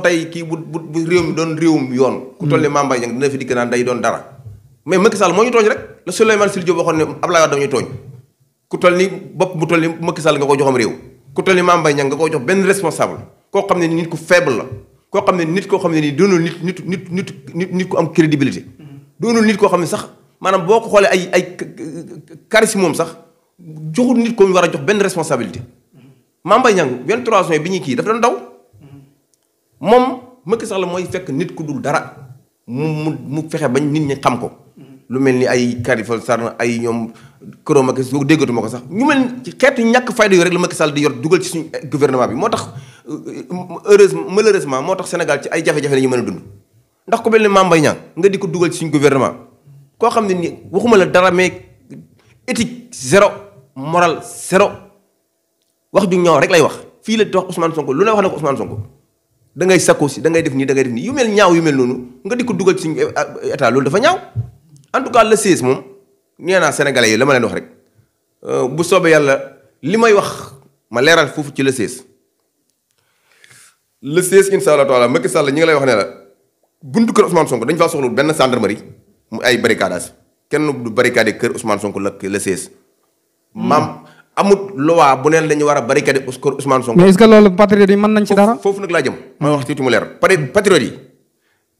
tey kii bu bu réew mi doon réewum yoon. ku toll nii mm. Mame Mbaye Niang dina fi dikk naan day doon dara. mais Macky Sall moo ñu tooñ rek la Souleymane Jules Diop waxoon ne Abdoulaye Wade dañuy tooñ ku nga ko joxam réew. ku toll ni Mame Mbaye Niang nga ko jox benn responsable koo xam ne nit ku faible la koo xam ne nit koo xam ne nii doonul nit nit nit nit nit ku am crédibilité. Mm. doonul nit koo xam ne sax maanaam boo ko xoolee ay ay charisme moom sax joxul nit ko war a jox benn responsabilité mm. Mame ñan Niang 23 juin bi ñuy kii dafa doon daw. moom Macky Sall mooy fekk nit ku dul dara mu mu mu fexe bañ nit ñi xam ko. lu mel ni ay Khalifa Sall ay ñoom Koro Macky Sall déggatuma ko sax ñu mel ci xeetu ñàkk fayda yooyu rek la Macky Sall di yor dugal ci suñu gouvernement bi moo tax heureusement malheureusement moo tax Sénégal ci ay jafe-jafe la mën a dund. ndax ku mel ni Mame Mbaye nga di ko dugal suñu gouvernement koo xam ne ni waxuma la dara mais éthique zéro moral zéro wax ju ñaaw rek lay wax fii la wax Ousmane Sonko lu ne wax na ko Ousmane Sonko. da ngay sakku si da ngay def nii da ngay def nii yu mel ñaaw yu mel noonu nga di ko dugal ci suñu eh, ah, loolu dafa ñaaw en tout cas le CES moom nee naa sénégalais yi la ma leen wax rek euh, bu soobee yàlla li may wax ma leeral foofu ci la le CES. le CES incha allah taala Macky Sall ñi ngi lay wax nee la buntu kër Ousmane Sonko dañu faa soxlu benn gendarmerie mu ay barricadage kenn du barricade kër Ousmane Sonko la le CES. maam amut loi bu neen dañu war a barricade Ousmane Sonko. mais est-ce que loolu patriote yi mën nañ ci dara. foofu nag laa jëm. mooy wax tuuti mu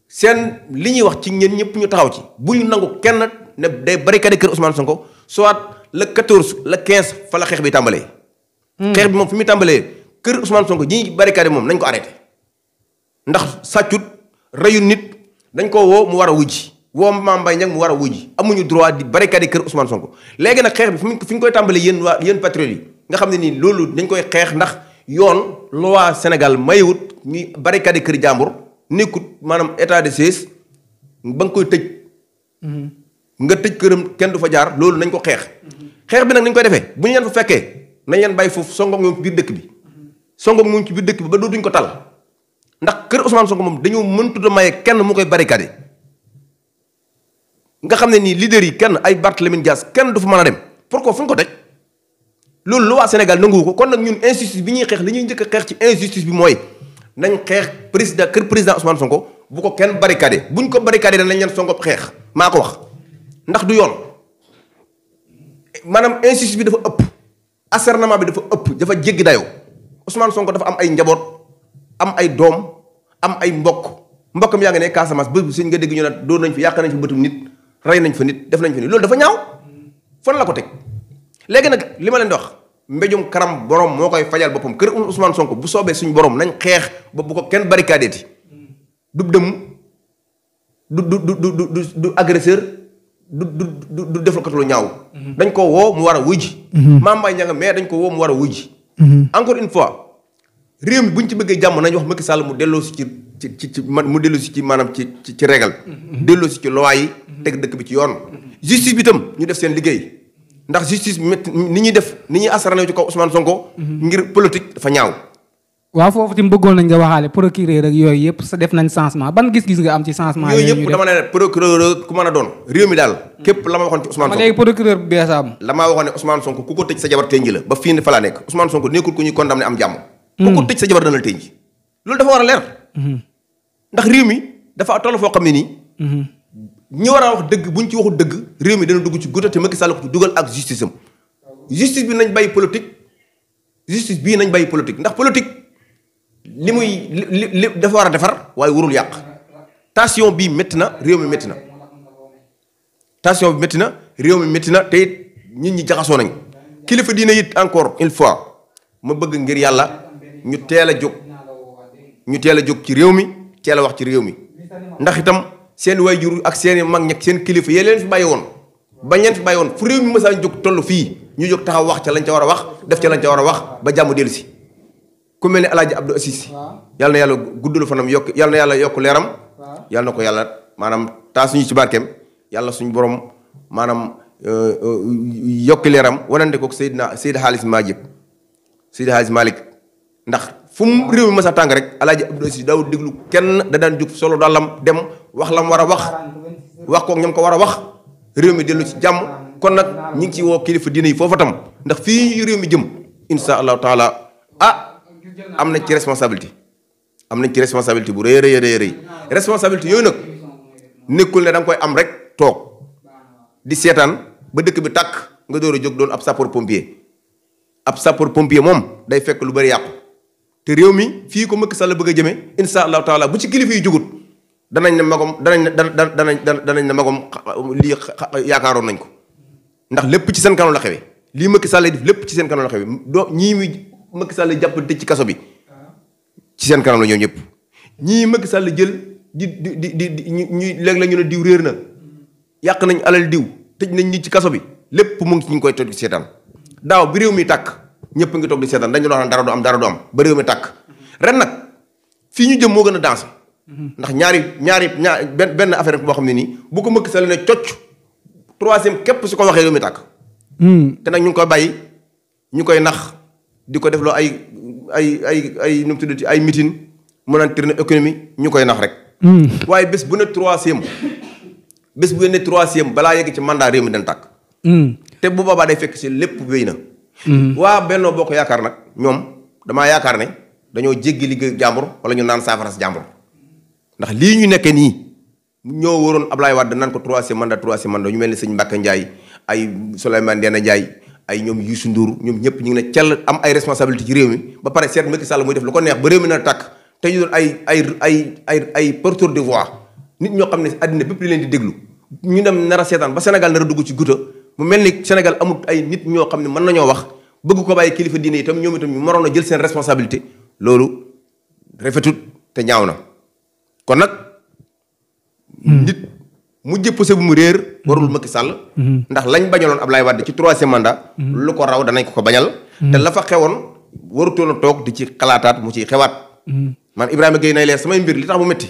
seen li ñuy wax ci ñeen ñëpp ñu taxaw ci bu ñu nangu kenn ne day barricade kër Ousmane Sonko soit le 14 le 15 fa la xeex bi tàmbalee. Hmm. xeex bi moom fi muy tàmbalee kër Ousmane Sonko ji ñuy barricade moom nañ ko arrêté ndax sàccut reyu nit dañ ko woo mu war a wujji woo Mame Mbaye Niang mu war a wuji amuñu droit di barricade kër Ousmane Sonko léegi nag xeex bi fi fi ñu koy tàmbalee yéen waa yéen patriotes nga xam ne nii loolu dañ koy xeex ndax yoon loi Sénégal mayewut ñuy barricade kër jàmbur nekkut maanaam état de siège ba nga koy tëj mm-hmm. nga tëj këram kenn du fa jaar loolu nañ ko xeex mm-hmm. xeex bi nag nañ koy defee bu ñu leen fekkee nañ leen bàyyi foofu songoog ñoom ci dëkk bi mm-hmm. songoog ñoom ci biir dëkk bi ba dootuñ ko tal ndax kër Ousmane Sonko moom dañoo mëntu da maye kenn mu koy barricade nga xam ne nii leader yi kenn ay Barthélémy Dias kenn du fa mën a dem pourquoi fu ñu ko teg loolu lu waa Sénégal nanguwu ko kon nag ñun injustice bi ñuy xeex li ñuy njëkk xeex ci injustice bi mooy nañ xeex président kër président Ousmane Sonko bu ko kenn barricadé buñ ko barricadé danañ leen songo xeex maa ko wax ndax du yoon maanaam injustice bi dafa ëpp acharnement bi dafa ëpp dafa jéggi dayoo Ousmane Sonko dafa am ay njaboot am ay doom am ay mbokk mbokkam yaa ngi ne Casamance bés bu sëñ nga dégg ñu ne doon nit rey nañ fa nit def nañ fa nit loolu dafa ñaaw fan la ko teg léegi nag li ma leen di wax mbéjum karam borom moo koy fajal boppam kër Ousmane Sonko bu soobee suñu borom nañ xeex ba bu ko kenn barikaadeeti du dëmm du du du du du du agresseur du du lu ñaaw. dañ ko woo mu war a wujji. Mame Mbaye Niang mais dañ ko woo mu war a wujji. Mhm. encore une fois réew mi bu ñu ci bëggee jàmm nañ wax Macky Sall mu delloo si ci. ci ci ci man mu dellu ci maanaam ci ci ci mhm. ci loi mhm. teg dëkk bi ci yoon mhm. justice bi tam ñu def seen liggéey ndax justice métti ni ñuy def ni ñuy asaranew ci kaw Ousmane Sonko ngir politique dafa ñaaw waaw foofu tim bëggoon nañ nga waxaale procureur yooyu yëpp sa def nañ changement ban gis-gis nga am ci changement yooyu yëpp dama ne procureur ku mën a doon réew mi daal képp la ma waxoon ci Ousmane Sonko léegi procureur bu la maa waxoon ne Ousmane ko ko tëj sa ndax réew mi dafa toll foo xam ne nii. Mhm. ñi war a wax dëgg buñ ci waxul dëgg réew mi dana dugg ci gudda te Macky Sall ko dugal ak justice am. justice bi nañ bàyyi politique justice bii nañ bàyyi politique ndax politique li muy li li dafa war a defar waaye warul yàq tension bii métti na réew mi métti na. tension bi métti na réew mi métti na te it nit ñi jaxasoo nañ kilifa diine it encore une fois ma bëgg ngir yàlla ñu teel a jóg ñu teel a jóg ci réew mi. teel a wax ci réew mi ndax itam seen waajur ak seen mag ñeg seen kilifa yéen leen fi bàyyi woon ba ñeen fi bàyyi woon fu réew mi mësaan jóg toll fii ñu jóg taxaw wax ca lañ ca war a wax def ca lañ ca war a wax ba jàmm dellu si ku mel ne alaaji Abdou Assis yàlla na yàlla guddul fanam yokk yàlla na yàlla yokk leeram yàlla na ko yàlla maanaam taa suñu ci barkeem yàlla suñu borom maanaam euh, euh, yokki leeram wanante kook Seydina Seydi Xaalis Maalik Seydi Xaalis Maalik ndax fu réew mi mas a tàng rek alaaji Abdou Aziz déglu kenn da daan jóg solo dàllam dem wax la war a wax wax kook ñam ko war a wax réew mi dellu ci jàmm kon nag ñi ngi ci woo kilifa diine yi foofa tam ndax fii réew mi jëm insha allahu taala ah am nañ ci responsabilité am nañ ci responsabilité bu rëy rëy rëy rëy responsabilité yooyu nag nekkul ne da koy am rek toog di seetaan ba dëkk bi tàkk nga door a jóg doon ab sapeur pompier ab sapeur pompier moom day fekk lu bëri yàqu te réew mi fii ko Macky Sall bëgg a jëmee insha allahu taala bu ci kilifa yi jugut danañ ne magom danañ ne danañ danañ ne magom lii yaakaaroon nañ ko ndax lépp ci seen kanam la xewe lii Macky Sall def lépp ci seen kanam la xewe doo ñii muy Macky Sall jàpp tëj ci kaso bi ci seen kanam la ñoom ñii Macky Sall jël di di di di ñuy léeg la ñu ne diw réer na yàq nañ alal diw tëj nañ ñi ci kaso bi lépp mu ngi ñu koy toj seetaan daaw bi réew mi tàkk ñëpp ngi toog di seetaan dañu doon dara du am dara du am ba réew mi tàkk ren nag fii ñu jëm moo gën a danse ndax ñaari ñaari ñaar benn benn affaire boo xam ne nii bu ko mëkk sa ne cocc troisième képp su ko waxee réew mi tàkk hmm. te nag ñu ngi koy bàyyi ñu koy nax di ko def ay ay ay ay nu mu tuddati ay meeting mu naan tournée économie ñu koy nax rek hmm. waaye bés bu ne troisième bés bu ne troisième balaa yegg ci mandat réew mi dañ tàkk hmm. te bu boobaa day fekk si lépp wéy na Mm-hmm. waa Benno Bokk Yaakaar nag ñoom damaa yaakaar ne dañoo jéggi liggéey jàmbur wala ñu naan saafara si ndax lii ñu nekkee nii ñoo waroon Ablaye Wade nan ko troisième mandat troisième mandat ñu mel ni sëñ Mbacke Ndiaye ay Souleymane Ndéné Ndiaye ay ñoom Youssou Ndour ñoom ñëpp ñu ngi ne cel am ay responsabilité ci réew mi ba pare seet Macky Sall muy def lu ko neex ba réew mi na tàkk te ñu doon ay ay ay ay ay porteur de voix nit ñoo xam ne si àddina bépp li leen di déglu ñu dem nar a seetaan ba Sénégal nar a dugg ci guta mu mel ni Sénégal amul ay nit ñoo xam ne mën nañoo wax bëgg ko bàyyi kilifa diine itam ñoom tam ñu maroon a jël seen responsabilité loolu rafetut te ñaaw na kon nag. Hmm. nit mu jëppase mu réer. warul hmm. Macky Sall. Hmm. ndax lañ bañaloon Ablaye Wade ci troisième mandat. lu ko raw danañ ko ko bañal. te la fa xewoon warutoon a toog di ci xalaataat mu ciy xewaat. man Ibrahima Gueye nay leen samay mbir li tax mu métti.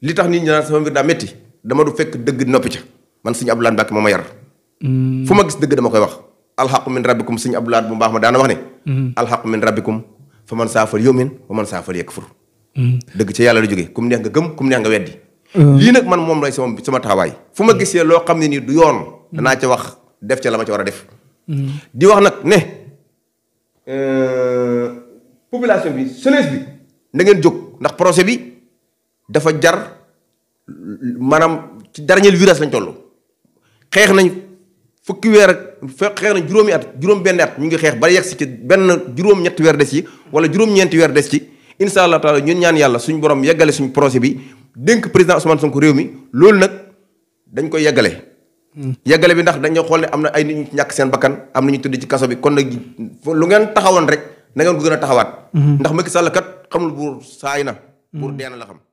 li tax nit ñi naan sama mbir daa métti dama du fekk dëgg noppi ca man suñu Abdoulaye Mbacke moo Mm. fu ma gis dëgg dama koy wax alxaqu min rabbikum suñu abdulaat bu mbaax ma daana wax ne mm-hmm. alxaqu min rabbikum fa man saafal yumin wa man saafal yakfur mm. dëgg ca yàlla la jógee kum neex nga gëm kum neex nga weddi mm. lii nag man moom lay sama sama taxawaay fu ma gisee loo xam ne nii du yoon danaa ca wax def ca la ma ca war a def di wax nag ne euh, population bi jeunesse bi na ngeen jóg ndax projet bi dafa jar maanaam ci dernier virage lañ toll xeex nañ fukki weer ak fekk xeex na juróomi at juróom benn at ñu ngi xeex ba yegg si ci benn juróom ñetti weer des ci wala juróom ñeenti weer des ci incha allah taala ñun ñaan yàlla suñu borom yeggale suñu projet bi dénk président Ousmane Sonko réew mi loolu nag dañ koy yeggale. yeggale bi ndax dañoo xool ne am na ay nit ñàkk seen bakkan am na ñu tëdd ci kaso bi kon nag lu ngeen taxawoon rek na ngeen ko gën a taxawaat. Mm-hmm. ndax Macky Sall kat xamul buur saay na. buur mm-hmm. dee la xam.